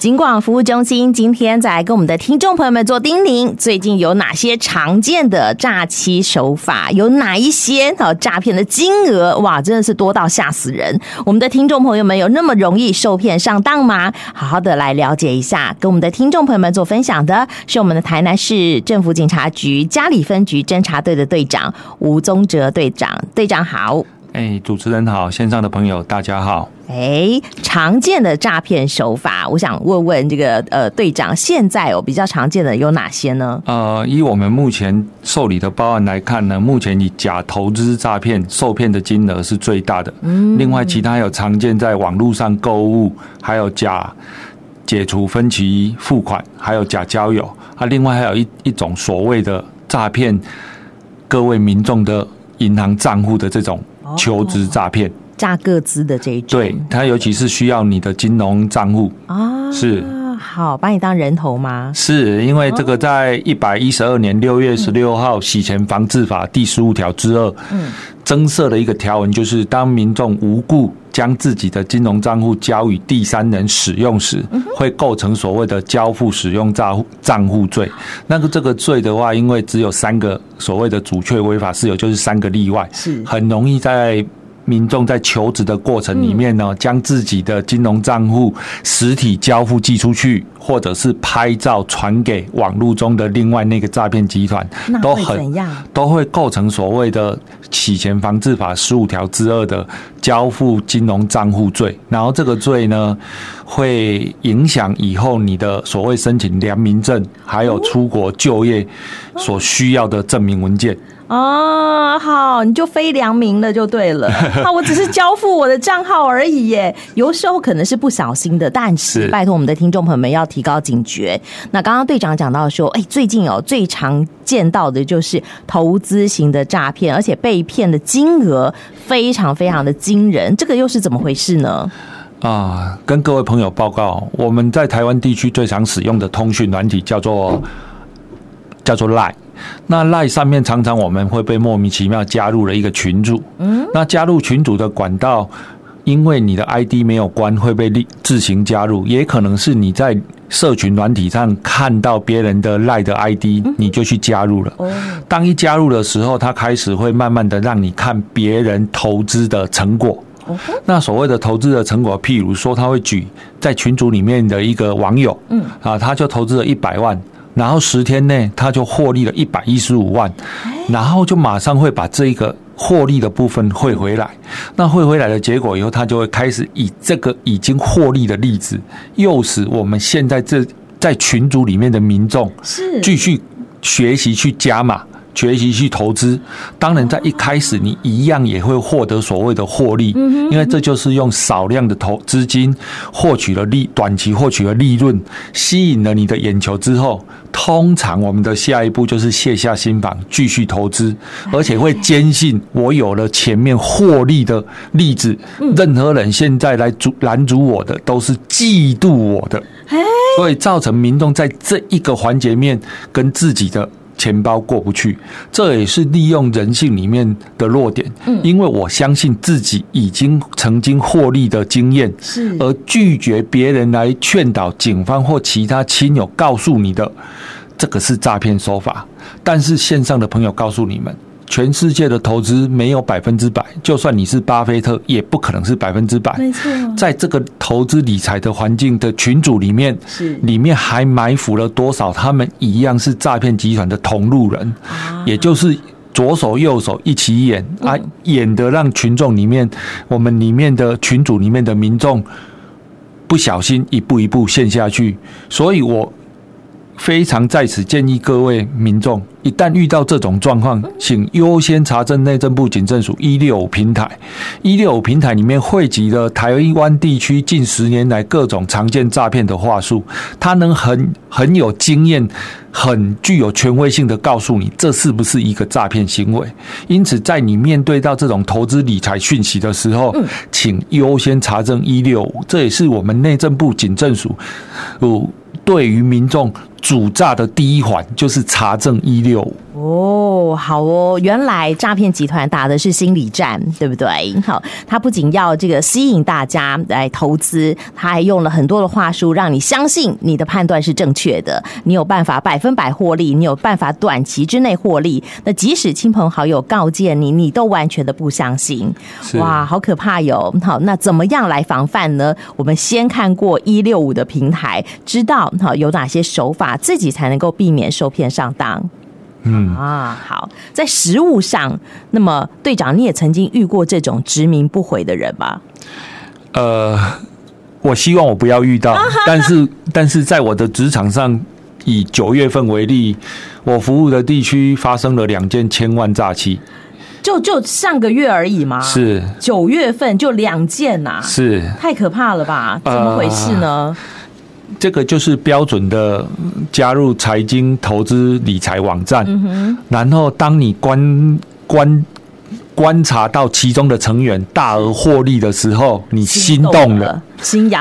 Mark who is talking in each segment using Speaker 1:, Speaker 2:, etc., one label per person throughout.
Speaker 1: 警廣服務中心今天在跟我們的聽眾朋友們做叮嚀：最近有哪些常見的詐欺手法？有哪一些？好，詐騙的金額哇，真的是多到嚇死人！我們的聽眾朋友們有那麼容易受騙上當嗎？好好的來了解一下。跟我們的聽眾朋友們做分享的是我們的台南市政府警察局佳里分局偵查隊的隊長吳宗哲隊長。隊長好。哎，主持人
Speaker 2: 好，線上的朋友大家好。
Speaker 1: 哎，常見的詐騙手法，我想問問這個呃，隊長，現在哦比較常見的有哪些呢？
Speaker 2: 呃，以我們目前受理的報案來看呢，目前以假投資詐騙受騙的金額是最大的。嗯。另外，其他還有常見在網絡上購物，還有假解除分期付款，還有假交友啊。另外，還有一一種所謂的詐騙各位民眾的銀行賬戶的這種。求職詐騙，詐個資的這一種，對，它，尤其是需要你的金融賬戶啊、哦，是
Speaker 1: 啊，好，把你當人頭嗎？
Speaker 2: 是，因為這個在一百一十二年六月十六號洗錢防治法第十五條之二，嗯、增設的一個條文，就是當民眾無故，將自己的金融賬戶交予第三人使用時，會構成所謂的交付使用賬賬戶罪。那個這個罪的話，因為只有三個所謂的阻卻違法事由，就是三個例外，是很容易在。民眾在求職的過程裡面呢，將自己的金融賬戶實體交付寄出去，或者是拍照傳給網路中的另外那個詐騙集團，那會怎樣？都很，都會構成所謂的洗錢防治法十五條之二的交付金融賬戶罪然後這個罪呢，會影響以後你的所謂申請良民證，還有出國就業所需要的證明文件。
Speaker 1: 哦，好，你就非良民了，就對了。那我只是交付我的賬號而已耶。有時候可能是不小心的，但是，是拜託我們的聽眾朋友們要提高警覺。那剛剛隊長講到說，哎、欸，最近有、哦、最常見到的就是投資型的詐騙，而且被騙的金額非常非常的驚人。這個又
Speaker 2: 是怎麼回事呢？啊，跟各位朋友報告，我們在台灣地區最常使用的通訊軟體叫做叫做 Line。那 LINE 上面常常我們會被莫名其妙加入了一個群組，嗯。那加入群組的管道，因為你的 ID 沒有關會被立自行加入，也可能是你在社群軟體上看到別人的 LINE 的 ID，你就去加入了，嗯。當一加入的時候，他開始會慢慢的讓你看別人投資的成果。那所謂的投資的成果，譬如說他會舉在群組裡面的一個網友，嗯，啊，他就投資了一百萬。然後十天內他就獲利了一百一十五萬，然後就馬上會把這一個獲利的部分匯回來。那匯回來的結果以後，他就會開始以這個已經獲利的例子，誘使我們現在這在群組裡面的民眾繼續學習去加碼。學習去投資，當然在一開始你一樣也會獲得所謂的獲利，因為這就是用少量的投資金獲取了利，短期獲取了利潤，吸引了你的眼球之後，通常我們的下一步就是卸下心防，繼續投資，而且會堅信我有了前面獲利的例子，任何人現在來阻攔阻我的都是嫉妒我的，所以造成民眾在這一個環節面跟自己的。錢包過不去，這也是利用人性裡面的弱點。嗯，因為我相信自己已經曾經獲利的經驗，是而拒絕別人來勸導警方或其他親友告訴你的，這個是詐騙手法。但是線上的朋友告訴你們。全世界的投資沒有百分之百，就算你是巴菲特，也不可能是百分之百。沒錯、啊，在這個投資理財的環境的群組裡面，裡面還埋伏了多少他們一樣是詐騙集團的同路人、啊、也就是左手右手一起演、嗯、啊，演得讓群眾裡面，我們裡面的群組裡面的民眾不小心一步一步陷下去。所以我非常在此建議各位民眾，一旦遇到這種狀況，請優先查證內政部警政署165平臺。165平臺裡面匯集了臺灣地區近十年來各種常見詐騙的話術，它能很很有經驗、很具有權威性的告訴你這是不是一個詐騙行為。因此，在你面對到這種投資理財訊息的時候，請優先查證165。這也是我們內政部警政署，呃、對於民眾。主詐的第一環就是查證一六五
Speaker 1: 哦，oh, 好哦，原來詐騙集團打的是心理戰，對不對？好，他不僅要這個吸引大家來投資，他還用了很多的話術，讓你相信你的判斷是正確的，你有辦法百分百獲利，你有辦法短期之內獲利。那即使親朋好友告誡你，你都完全的不相信。哇，好可怕喲、哦！好，那怎麼樣來防範呢？我們先看過一六五的平台，知道有哪些手法。自己才能夠避免受騙上當。嗯啊，好，在實務上，那麼隊長，你也曾經遇過這種執迷不悔
Speaker 2: 的人吧？呃，我希望我不要遇到， 但是，但是在我的職場上，以九月份為例，我服務的地區發生了兩件千萬詐欺，
Speaker 1: 就就上個月而已嗎？是九月份就兩件吶、啊，是太可怕了吧？怎麼回事呢？呃
Speaker 2: 這個就是標準的加入財經投資理財網站，嗯、然後當你關關，觀察到其中的成員大額獲利的時候，你心動
Speaker 1: 了，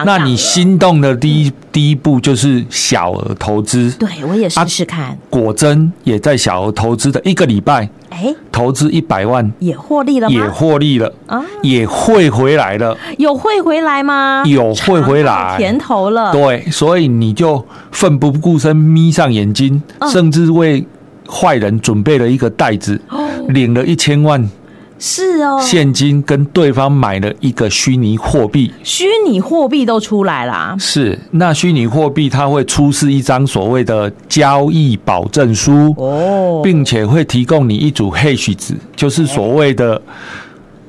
Speaker 1: 那
Speaker 2: 你心動的第一第一步就是小額投資。
Speaker 1: 對，我也試試看。
Speaker 2: 果真也在小額投資的一個禮拜，哎，投資一百萬也獲
Speaker 1: 利了嗎？也獲利了啊，
Speaker 2: 也會回來了。
Speaker 1: 有會回來嗎？
Speaker 2: 有會回來甜
Speaker 1: 頭了。對，
Speaker 2: 所以你就奮不顧身，眯上眼睛，甚至為壞人準備了一個袋子，領了一千萬。
Speaker 1: 是哦，現
Speaker 2: 金跟對方買了一個虛擬貨幣，
Speaker 1: 虛擬貨幣都出來啦、啊。
Speaker 2: 是，那虛擬貨幣它會出示一張所謂的交易保證書哦，並且會提供你一組 hash 值，就是所謂的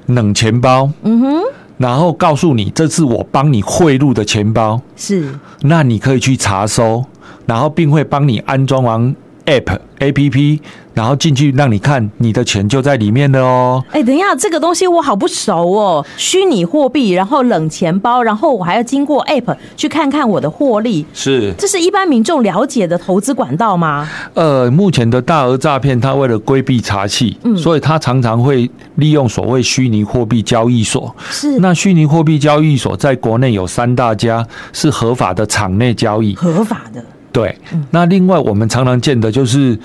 Speaker 2: 冷錢包。嗯哼，然後告訴你這是我幫你匯入的錢包，是，那你可以去查收，然後並會幫你安裝完。app，app，APP，然後進去讓你看你的錢就在裡面了
Speaker 1: 哦。哎，等一下，這個東西我好不熟哦。虛擬貨幣，然後冷錢包，然後我還要經過 app 去看看我的獲利。是，這是一般民眾了解的投資管道嗎？
Speaker 2: 呃，目前的大額詐騙，他為了規避查緝，嗯，所以他常常會利用所謂虛擬貨幣交易所。是，那虛擬貨幣交易所在國內有三大家，是合法的場內交易，
Speaker 1: 合法的。
Speaker 2: 對，那另外我們常常見的就是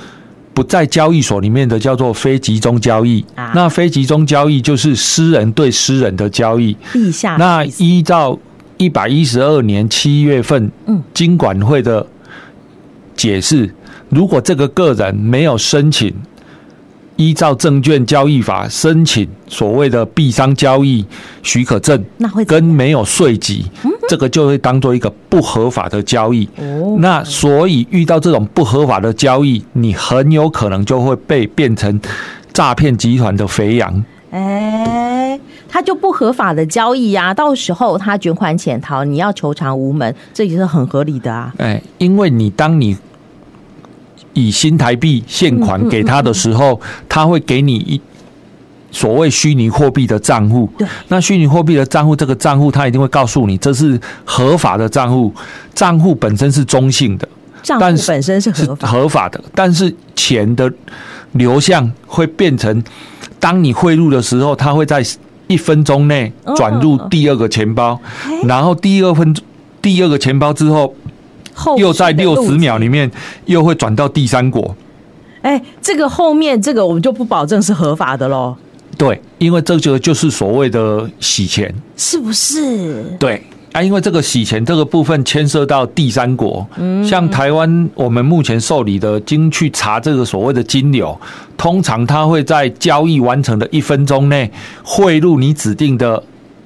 Speaker 2: 不在交易所裡面的叫做非集中交易。那非集中交易就是私人對私人的交易。那依照一百一十二年七月份，金管會的解釋，如果這個個人沒有申請。依照證券交易法申請所謂的幣商交易許可證，那會跟沒有稅籍，這個就會當做一個不合法的交易,那的交易的那、嗯。那所以遇到這種不合法的交易，你很有可能就會被變成詐騙集團的肥羊、
Speaker 1: 欸。哎，他就不合法的交易啊，到時候他卷款潛逃，你要求償無門，這也是很合理的啊。
Speaker 2: 哎、欸，因為你當你。以新台幣現款給他的時候，嗯嗯嗯嗯，他會給你一所謂虛擬貨幣的賬戶。那虛擬貨幣的賬戶，這個賬戶他一定會告訴你，這是合法的賬戶。賬戶本身是中性的，賬戶本身是合法，但是是合法的，但是錢的流向會變成，當你匯入的時候，他會在一分鐘內轉入第二個錢包，哦欸、然後第二分第二個錢包之後。後又在六十秒裡面，又會轉到第三國。
Speaker 1: 哎，這個後面這個我們就不保證是合法的嘍。
Speaker 2: 對，因為這個就是所謂的洗錢，
Speaker 1: 是不是？
Speaker 2: 對啊，因為這個洗錢這個部分牽涉到第三國，嗯，像台灣，我們目前受理的，經去查這個所謂的金流，通常它會在交易完成的一分鐘內匯入你指定的。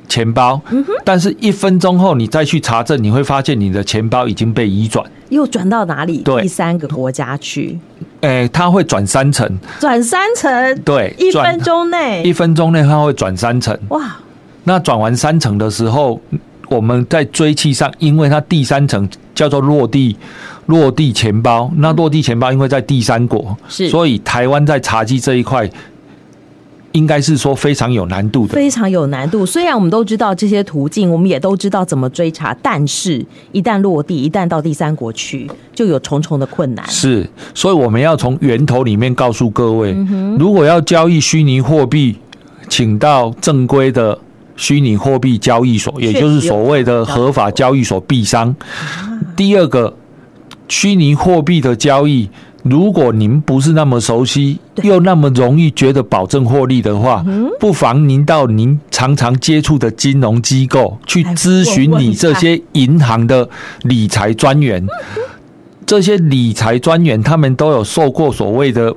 Speaker 2: 錢包，但是一分鐘後你再去查證，你會發現你的錢包已經被移轉，
Speaker 1: 又轉到哪裡？對，第三個國家去。
Speaker 2: 誒、欸，它會轉三層。
Speaker 1: 轉三層？對，一分鐘內。一
Speaker 2: 分鐘內它會轉三層。哇，那轉完三層的時候，我們在追緝上，因為它第三層叫做落地落地錢包、嗯，那落地錢包因為在第三國，是，所以台灣在查緝這一塊。應該是說非常有難度的，非
Speaker 1: 常有難度。雖然我們都知道這些途徑，我們也都知道怎麼追查，但是一旦落地，一旦到第三國去，就有重重的
Speaker 2: 困難。是，所以我們要從源頭裡面告訴各位、嗯，如果要交易虛擬貨幣，請到正規的虛擬貨幣交易所，也就是所謂的合法交易所幣商、嗯。第二個，虛擬貨幣的交易，如果您不是那麼熟悉，又那麼容易覺得保證獲利的話，不妨您到您常常接觸的金融機構去諮詢你這些銀行的理財專員。這些理財專員他們都有受過所謂的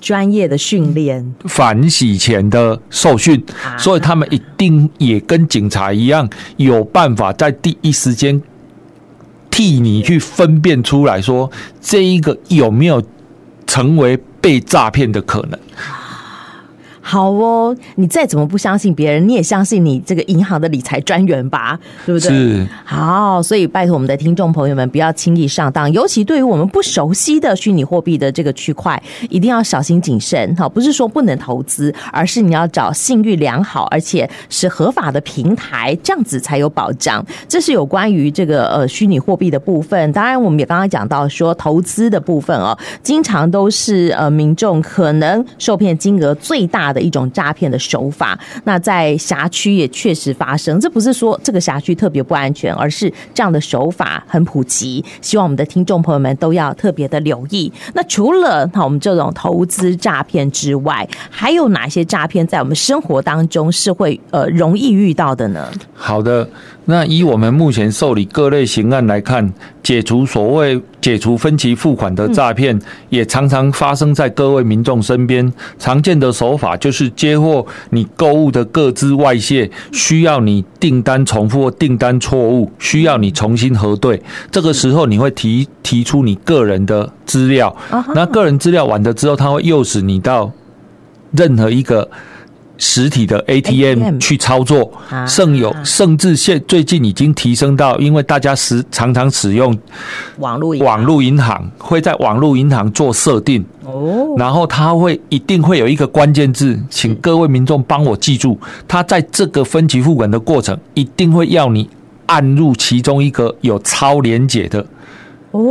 Speaker 2: 專業的訓練，反洗錢的受訓，所以他們一定也跟警察一樣有辦法在第一時間。替你去分辨出來說，這一個有沒有成為被詐騙的可能。
Speaker 1: 好哦，你再怎麼不相信別人，你也相信你這個銀行的理財專員吧，對不對？是。好，所以拜託我們的聽眾朋友們，不要輕易上當，尤其對於我們不熟悉的虛擬貨幣的這個區塊，一定要小心謹慎哈。不是說不能投資，而是你要找信譽良好而且是合法的平台，這樣子才有保障。這是有關於這個呃虛擬貨幣的部分。當然，我們也剛剛講到說投資的部分哦，經常都是呃民眾可能受騙金額最大的。的一種詐騙的手法，那在轄區也確實發生。這不是說這個轄區特別不安全，而是這樣的手法很普及，希望我們的聽眾朋友們都要特別的留意。那除了那我們這種投資詐騙之外，還有哪些詐騙在我們生活當中是會呃容易遇
Speaker 2: 到的呢？好的，那以我們目前受理各類刑案來看，解除所謂。解除分期付款的詐騙也常常發生在各位民眾身邊。常見的手法就是接獲你購物的個資外洩，需要你訂單重複或訂單錯誤，需要你重新核對。這個時候你會提提出你個人的資料，那個人資料完了之後，他會誘使你到任何一個。實體的 ATM, ATM 去操作，啊、甚有、啊、甚至現最近已經提升到，因為大家時常常使用網絡銀,銀行，會在網絡銀行做設定哦，然後它會一定會有一個關鍵字，請各位民眾幫我記住，它在這個分期付款的過程一定會要你按入其中一個有超連結的哦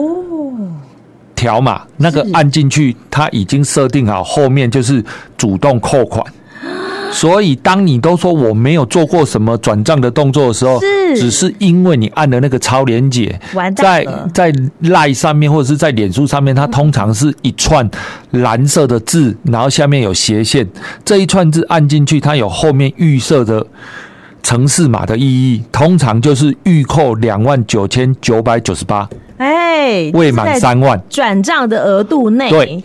Speaker 2: 條碼哦，那個按進去，它已經設定好，後面就是主動扣款。所以，當你都說我沒有做過什麼轉賬的動作的時候，只是因為你按了那個超連結，在在賴上面或者是在臉書上面，它通常是一串藍色的字、嗯，然後下面有斜線。這一串字按進去，它有後面預設的程式碼的意義，通常就是預扣兩萬九千九百九十八，
Speaker 1: 哎，未滿三萬轉賬的額度內。對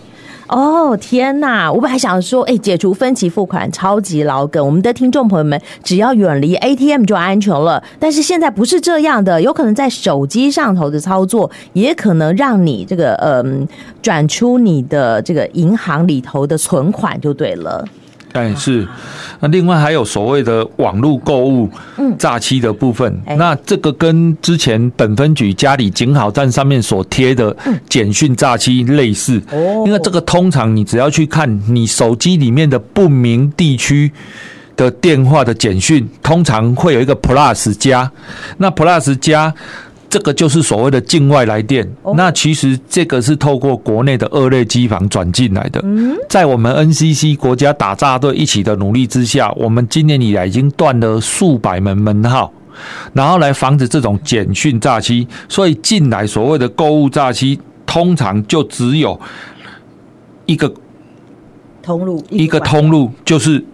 Speaker 1: 哦，天吶，我本來想說，欸，解除分期付款超級老梗，我們的聽眾朋友們只要遠離 ATM 就安全了。但是現在不是這樣的，有可能在手機上頭的操作，也可能讓你這個嗯，轉出你的這個銀行裡頭的存款就對了。
Speaker 2: 哎，是，那另外還有所謂的網絡購物詐欺的部分，那這個跟之前本分局佳里警好站上面所貼的簡訊詐欺類似。哦，因為這個通常你只要去看你手機裡面的不明地區的電話的簡訊，通常會有一個 plus 加，那 plus 加。這個就是所謂的境外來電，哦，那其實這個是透過國內的二類機房轉進來的。嗯、在我們 NCC 國家打詐隊一起的努力之下，我們今年以來已經斷了數百門門號，然後來防止這種簡訊詐欺。所以，進來所謂的購物詐欺，通常就只有一個通路，一個通路就是。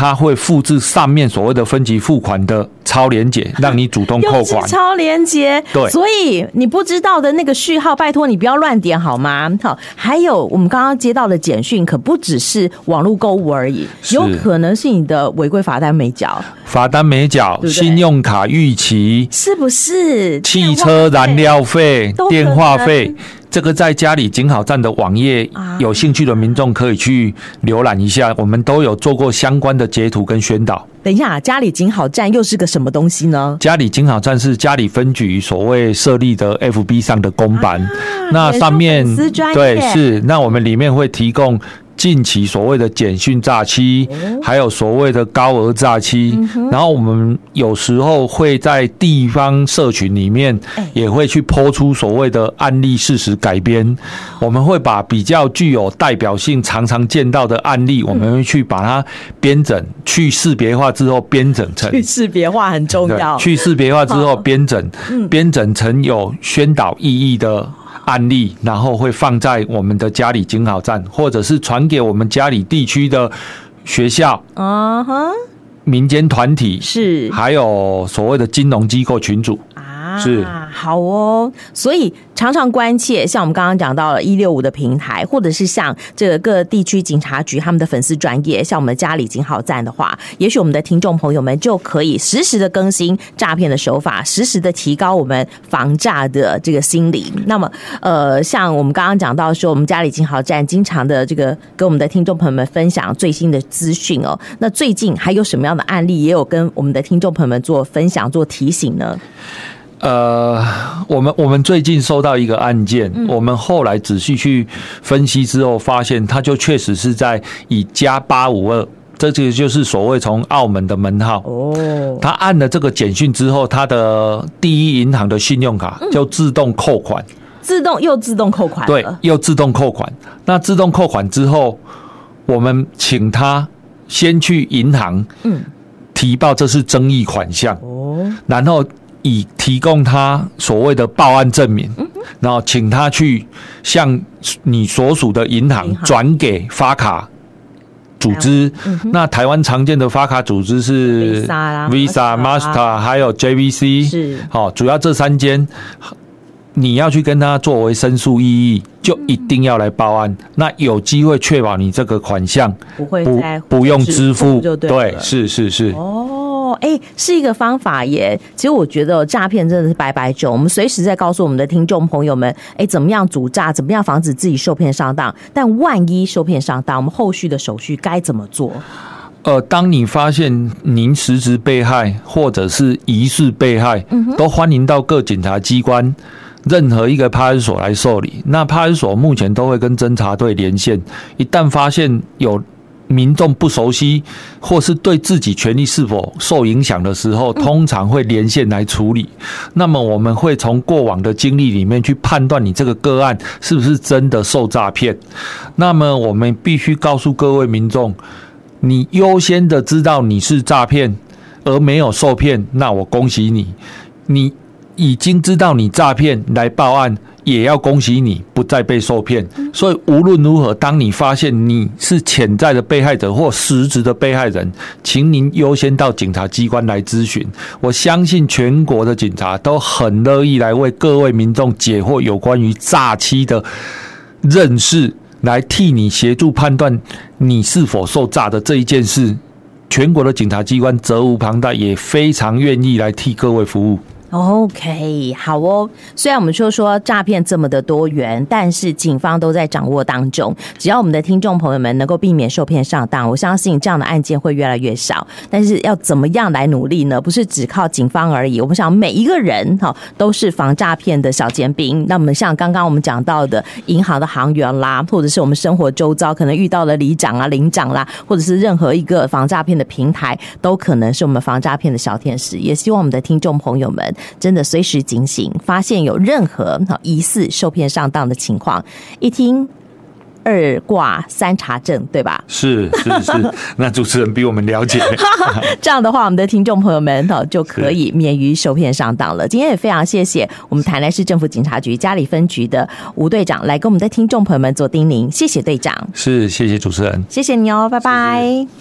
Speaker 2: 他會複製上面所謂的分期付款的超連結，讓你主動扣款。 超
Speaker 1: 連結。對。所以你不知道的那個序號，拜託你不要亂點好嗎？好。還有我們剛剛接到的簡訊，可不只是網絡購物而已，有可能是你的違規罰單沒繳，
Speaker 2: 罰單沒繳，信用卡逾期，是不是？汽車燃料費、哦、電話費。這個在佳里警好站的網頁，有興趣的民眾可以去瀏覽一下。我們都有做過相關的截圖跟宣導。
Speaker 1: 等一下，佳里警好站又是個什麼東西呢？
Speaker 2: 佳里警好站是佳里分局所謂設立的 FB 上的公版，啊，那上面是對是，那我們裡面會提供。近期所謂的簡訊詐欺，還有所謂的高額詐欺、嗯，然後我們有時候會在地方社群裡面，也會去 PO 出所謂的案例事實改編、欸。我們會把比較具有代表性、常常見到的案例，嗯、我們會去把它編整，去識別化之後編整成。去
Speaker 1: 識別化很重要。去識別化之後
Speaker 2: 編整，編整、嗯、編整成有宣導意義的。案例，然後會放在我們的佳里警好站，或者是傳給我們佳里地區的學校、
Speaker 1: 啊哼，
Speaker 2: 民間團體，是還有所謂的金融機構群組。是
Speaker 1: 啊，好哦，所以常常關切，像我們剛剛講到了一六五的平台，或者是像這個各地區警察局，他們的粉絲專頁，像我們家裡警廣站的話，也許我們的聽眾朋友們就可以實時，時的更新詐騙的手法，實時，時的提高我們防詐的這個心理。那麼，呃，像我們剛剛講到說，我們家裡警廣站經常的這個跟我們的聽眾朋友們分享最新的資訊哦。那最近還有什麼樣的案例，也有跟我們的聽眾朋友們做分享、做提醒呢？
Speaker 2: 呃，我們我們最近收到一個案件，嗯，我們後來仔細去分析之後，發現他就確實是在以加八五二，這就就是所謂從澳門的門號。哦，他按了這個簡訊之後，他的第一銀行的信用卡就自動扣款，
Speaker 1: 嗯，自動又自動扣款，對，
Speaker 2: 又自動扣款。那自動扣款之後，我們請他先去銀行，嗯，提報這是爭議款項，哦，嗯，然後。以提供他所謂的報案證明，然後請他去向你所屬的銀行轉給發卡組織。那台灣常見的發卡組織是 Visa、Visa、Master，還有 JVC。是，好，主要這三間，你要去跟他作為申訴異議，就一定要來報案。嗯、那有機會確保你這個款項不，不
Speaker 1: 會不不用支付，支付對，對，是是是。哦哎，是一個方法耶。其實我覺得詐騙真的是百百種，我們隨時在告訴我們的聽眾朋友們，哎，怎麼樣阻詐，怎麼樣防止自己受騙上當。但萬一受騙上當，我們後續的手續該怎麼做？
Speaker 2: 呃，當你發現您實質被害或者是疑似被害、嗯，都歡迎到各警察機關任何一個派出所來受理。那派出所目前都會跟偵查隊連線，一旦發現有。民眾不熟悉，或是對自己權利是否受影響的時候，通常會連線來處理。那麼我們會從過往的經歷裡面去判斷你這個個案是不是真的受詐騙。那麼我們必須告訴各位民眾，你優先的知道你是詐騙，而沒有受騙，那我恭喜你，你已經知道你詐騙來報案。也要恭喜你，不再被受騙。所以無論如何，當你發現你是潛在的被害者或實質的被害人，請您優先到警察機關來諮詢。我相信全國的警察都很樂意來為各位民眾解惑有關於詐欺的認識，來替你協助判斷你是否受詐的這一件事。全國的警察機關責無旁貸，也非常願意來替各位服務。
Speaker 1: OK，好哦。雖然我們說說詐騙這麼的多元，但是警方都在掌握當中。只要我們的聽眾朋友們能夠避免受騙上當，我相信這樣的案件會越來越少。但是要怎麼樣來努力呢？不是只靠警方而已。我們想每一個人哈都是防詐騙的小尖兵。那麼剛剛我們像剛剛我們講到的銀行的行員啦，或者是我們生活周遭可能遇到的里長啊、鄰長啦、啊，或者是任何一個防詐騙的平台，都可能是我們防詐騙的小天使。也希望我們的聽眾朋友們。真的隨時警醒，發現有任何疑似受騙上當的情況，一聽二掛三查證，對吧？
Speaker 2: 是是是，那主持人比我們了解。
Speaker 1: 這樣的話，我們的聽眾朋友們就可以免於受騙上當了。今天也非常謝謝我們台南市政府警察局佳裡分局的吳隊長來跟我們的聽眾朋友們做叮嚀，謝謝隊長。
Speaker 2: 是謝謝主持人，
Speaker 1: 謝謝你哦，拜拜。是是